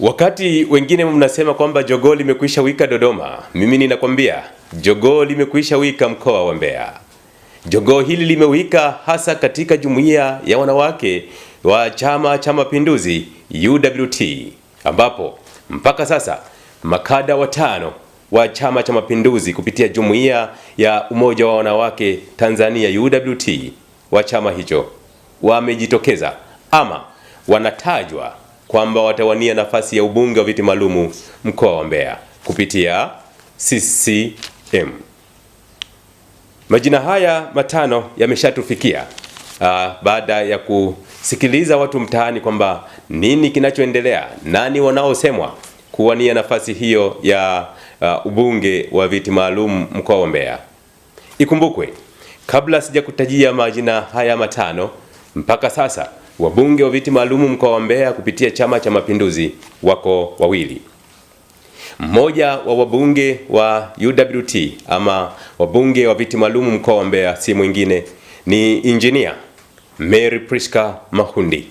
Wakati wengine mnasema kwamba jogoo limekwisha wika Dodoma, mimi ninakwambia jogoo limekwisha wika mkoa wa Mbeya. Jogoo hili limewika hasa katika jumuiya ya wanawake wa Chama cha Mapinduzi UWT, ambapo mpaka sasa makada watano wa Chama cha Mapinduzi kupitia jumuiya ya Umoja wa Wanawake Tanzania UWT wa chama hicho wamejitokeza ama wanatajwa kwamba watawania nafasi ya ubunge wa viti maalumu mkoa wa Mbeya kupitia CCM. Majina haya matano yameshatufikia ah, baada ya kusikiliza watu mtaani kwamba nini kinachoendelea, nani wanaosemwa kuwania nafasi hiyo ya a, ah, ubunge wa viti maalum mkoa wa Mbeya. Ikumbukwe, kabla sijakutajia majina haya matano, mpaka sasa Wabunge wa viti maalumu mkoa wa Mbeya kupitia Chama cha Mapinduzi wako wawili. Mmoja wa wabunge wa UWT ama wabunge wa viti maalumu mkoa wa Mbeya si mwingine ni injinia Mary Priska Mahundi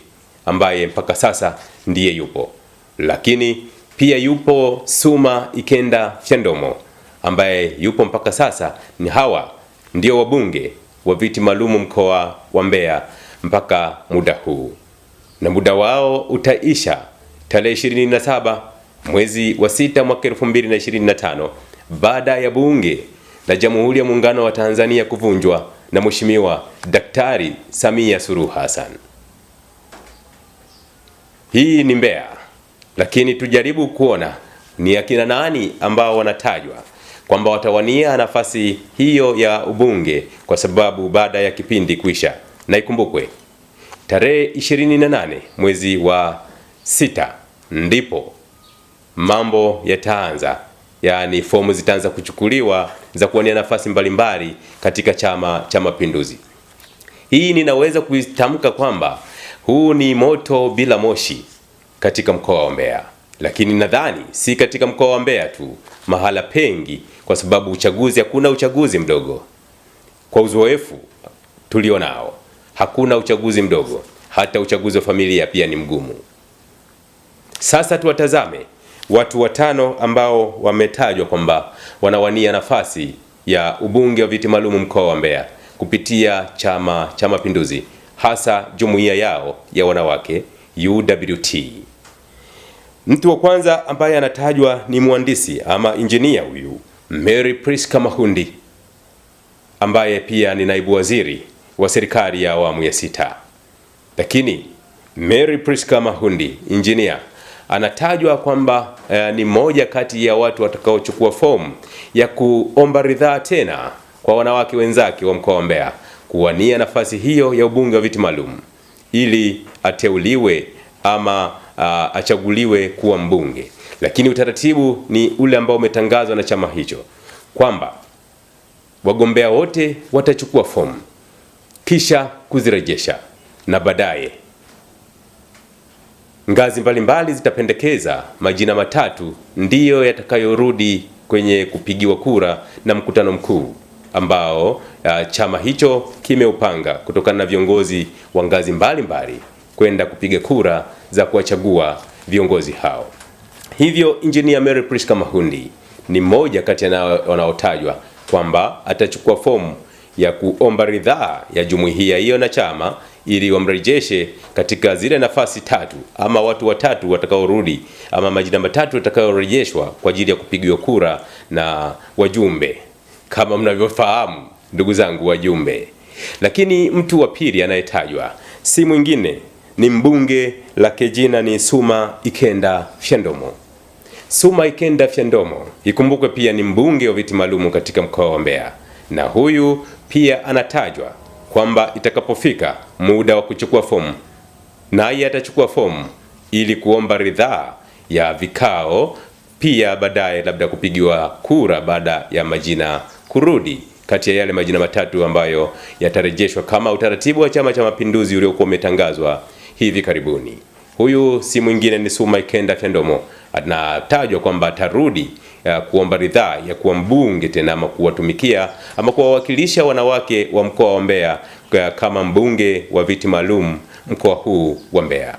ambaye mpaka sasa ndiye yupo, lakini pia yupo Suma Ikenda Fyandomo ambaye yupo mpaka sasa. Ni hawa ndio wabunge wa viti maalumu mkoa wa Mbeya mpaka muda huu na muda wao utaisha tarehe 27 mwezi wa sita mwaka 2025 baada ya bunge la Jamhuri ya Muungano wa Tanzania kuvunjwa na Mheshimiwa Daktari Samia Suluhu Hassan. Hii ni Mbeya, lakini tujaribu kuona ni akina nani ambao wanatajwa kwamba watawania nafasi hiyo ya ubunge, kwa sababu baada ya kipindi kuisha na ikumbukwe tarehe nane mwezi wa sita ndipo mambo yataanza, yaani fomu zitaanza kuchukuliwa za kuwania nafasi mbalimbali mbali katika Chama cha Mapinduzi. Hii ninaweza kuitamka kwamba huu ni moto bila moshi katika mkoa wa Mbeya, lakini nadhani si katika mkoa wa Mbeya tu, mahala pengi, kwa sababu uchaguzi, hakuna uchaguzi mdogo kwa uzoefu tulio nao. Hakuna uchaguzi mdogo, hata uchaguzi wa familia pia ni mgumu. Sasa tuwatazame watu watano ambao wametajwa kwamba wanawania nafasi ya ubunge wa viti maalum mkoa wa Mbeya kupitia Chama cha Mapinduzi, hasa jumuiya yao ya wanawake UWT. Mtu wa kwanza ambaye anatajwa ni mhandisi ama injinia huyu Mary Priska Mahundi ambaye pia ni naibu waziri wa serikali ya awamu ya sita. Lakini Mary Priska Mahundi injinia anatajwa kwamba eh, ni moja kati ya watu watakaochukua fomu ya kuomba ridhaa tena kwa wanawake wenzake wa mkoa wa Mbeya kuwania nafasi hiyo ya ubunge wa viti maalum ili ateuliwe ama a, ah, achaguliwe kuwa mbunge. Lakini utaratibu ni ule ambao umetangazwa na chama hicho kwamba wagombea wote watachukua fomu kisha kuzirejesha, na baadaye ngazi mbalimbali zitapendekeza majina matatu ndiyo yatakayorudi kwenye kupigiwa kura na mkutano mkuu ambao uh, chama hicho kimeupanga kutokana na viongozi wa ngazi mbalimbali kwenda kupiga kura za kuwachagua viongozi hao. Hivyo Engineer Mary Priska Mahundi ni mmoja kati ya wanaotajwa kwamba atachukua fomu ya kuomba ridhaa ya jumuiya hiyo na chama ili wamrejeshe katika zile nafasi tatu ama watu watatu watakaorudi ama majina matatu yatakayorejeshwa kwa ajili ya kupigiwa kura na wajumbe. Kama mnavyofahamu ndugu zangu, wajumbe. Lakini mtu wa pili anayetajwa si mwingine ni mbunge, lake jina ni Suma Ikenda Fyandomo. Suma Ikenda Fyandomo ikumbukwe pia ni mbunge wa viti maalumu katika mkoa wa Mbeya na huyu pia anatajwa kwamba itakapofika muda wa kuchukua fomu, naye atachukua fomu ili kuomba ridhaa ya vikao, pia baadaye labda kupigiwa kura baada ya majina kurudi kati ya yale majina matatu ambayo yatarejeshwa kama utaratibu wa Chama cha Mapinduzi uliokuwa umetangazwa hivi karibuni. Huyu si mwingine ni Suma Ikenda Fyandomo, anatajwa kwamba atarudi ya kuomba ridhaa ya kuwa mbunge tena ama kuwatumikia ama kuwawakilisha wanawake wa mkoa wa Mbeya kama mbunge wa viti maalum mkoa huu wa Mbeya.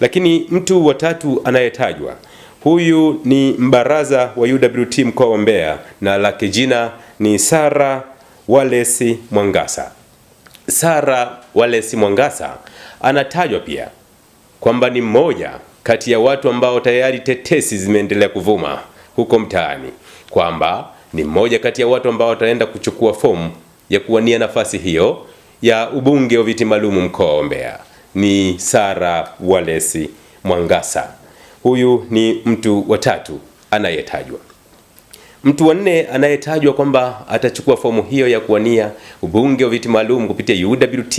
Lakini mtu wa tatu anayetajwa huyu ni mbaraza wa UWT mkoa wa Mbeya na lake jina ni Sara Walesi Mwangasa. Sara Walesi Mwangasa anatajwa pia kwamba ni mmoja kati ya watu ambao tayari tetesi zimeendelea kuvuma huko mtaani kwamba ni mmoja kati ya watu ambao wataenda kuchukua fomu ya kuwania nafasi hiyo ya ubunge wa viti maalum mkoa wa Mbeya ni Sara Walesi Mwangasa. Huyu ni mtu wa tatu anayetajwa. Mtu wa nne anayetajwa kwamba atachukua fomu hiyo ya kuwania ubunge wa viti maalum kupitia UWT,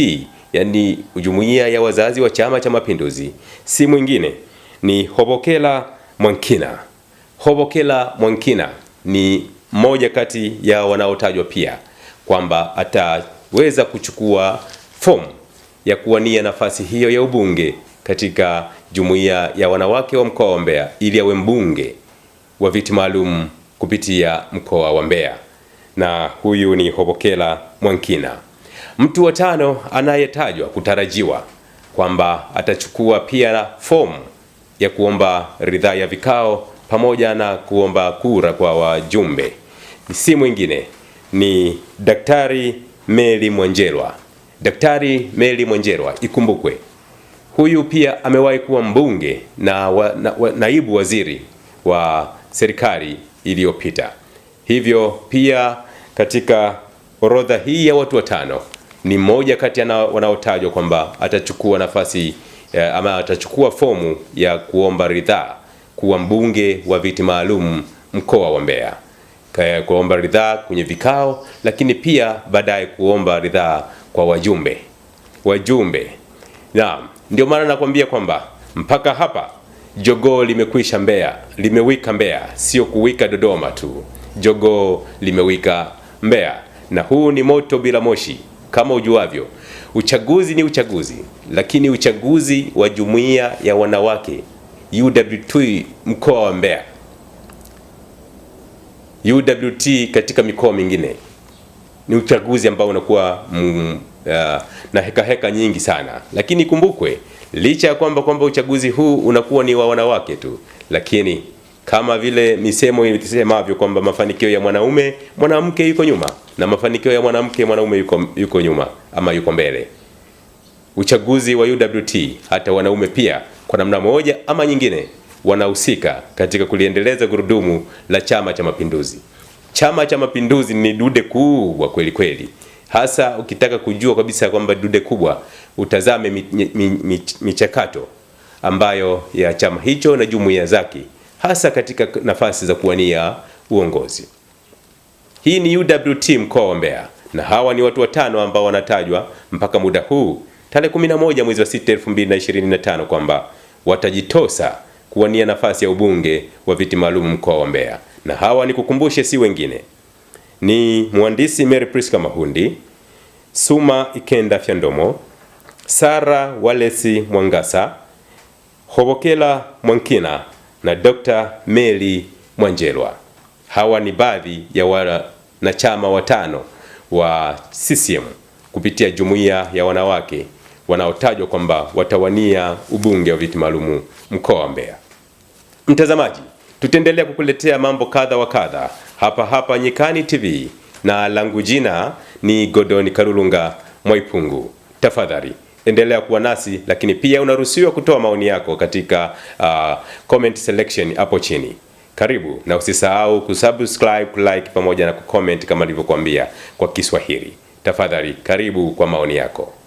yani jumuiya ya wazazi wa Chama cha Mapinduzi, si mwingine ni Hobokela Mwankina. Hobokela Mwankina ni mmoja kati ya wanaotajwa pia kwamba ataweza kuchukua fomu ya kuwania nafasi hiyo ya ubunge katika jumuiya ya wanawake wa mkoa wa Mbeya ili awe mbunge wa viti maalum kupitia mkoa wa Mbeya, na huyu ni Hobokela Mwankina. Mtu wa tano anayetajwa kutarajiwa kwamba atachukua pia fomu ya kuomba ridhaa ya vikao pamoja na kuomba kura kwa wajumbe si mwingine ni Daktari Meli Mwanjelwa. Daktari Meli Mwanjelwa, ikumbukwe huyu pia amewahi kuwa mbunge na, wa, na wa, naibu waziri wa serikali iliyopita. Hivyo pia katika orodha hii ya watu watano ni mmoja kati ya wanaotajwa kwamba atachukua nafasi eh, ama atachukua fomu ya kuomba ridhaa kuwa mbunge wa viti maalum mkoa wa Mbeya, kuomba ridhaa kwenye vikao, lakini pia baadaye kuomba ridhaa kwa wajumbe wajumbe. Naam, ndio maana nakwambia kwamba mpaka hapa jogoo limekwisha Mbeya, limewika Mbeya, sio kuwika Dodoma tu. Jogoo limewika Mbeya, na huu ni moto bila moshi. Kama ujuavyo, uchaguzi ni uchaguzi, lakini uchaguzi wa jumuiya ya wanawake UWT mkoa wa Mbeya, UWT katika mikoa mingine. Ni uchaguzi ambao unakuwa mm, uh, na heka heka nyingi sana, lakini kumbukwe, licha ya kwamba kwamba uchaguzi huu unakuwa ni wa wanawake tu, lakini kama vile misemo isemavyo kwamba mafanikio ya mwanaume mwanamke yuko nyuma na mafanikio ya mwanamke mwanaume yuko, yuko nyuma ama yuko mbele uchaguzi wa UWT, hata wanaume pia kwa namna moja ama nyingine wanahusika katika kuliendeleza gurudumu la Chama cha Mapinduzi. Chama cha Mapinduzi ni dude kubwa kweli kweli, hasa ukitaka kujua kabisa kwamba dude kubwa, utazame michakato ambayo ya chama hicho na jumuiya zake, hasa katika nafasi za kuwania uongozi. Hii ni UWT mkoa wa Mbeya, na hawa ni watu watano ambao wanatajwa mpaka muda huu tarehe 11 mwezi wa 6 2025 kwamba watajitosa kuwania nafasi ya ubunge wa viti maalum mkoa wa Mbeya, na hawa nikukumbushe, si wengine ni mhandisi Mary Priska Mahundi, Suma Ikenda Fyandomo, Sara Walesi Mwangasa, Hobokela Mwankina na Dr. Meli Mwanjelwa. Hawa ni baadhi ya wanachama watano wa CCM kupitia jumuiya ya wanawake wanaotajwa kwamba watawania ubunge wa viti maalum mkoa wa Mbeya. Mtazamaji, tutaendelea kukuletea mambo kadha wa kadha hapa hapa Nyikani TV na langu jina ni Godoni Karulunga Mwaipungu. Tafadhali endelea kuwa nasi, lakini pia unaruhusiwa kutoa maoni yako katika uh, comment selection hapo chini. Karibu na usisahau kusubscribe, like pamoja na kucomment kama nilivyokuambia kwa Kiswahili. Tafadhali karibu kwa maoni yako.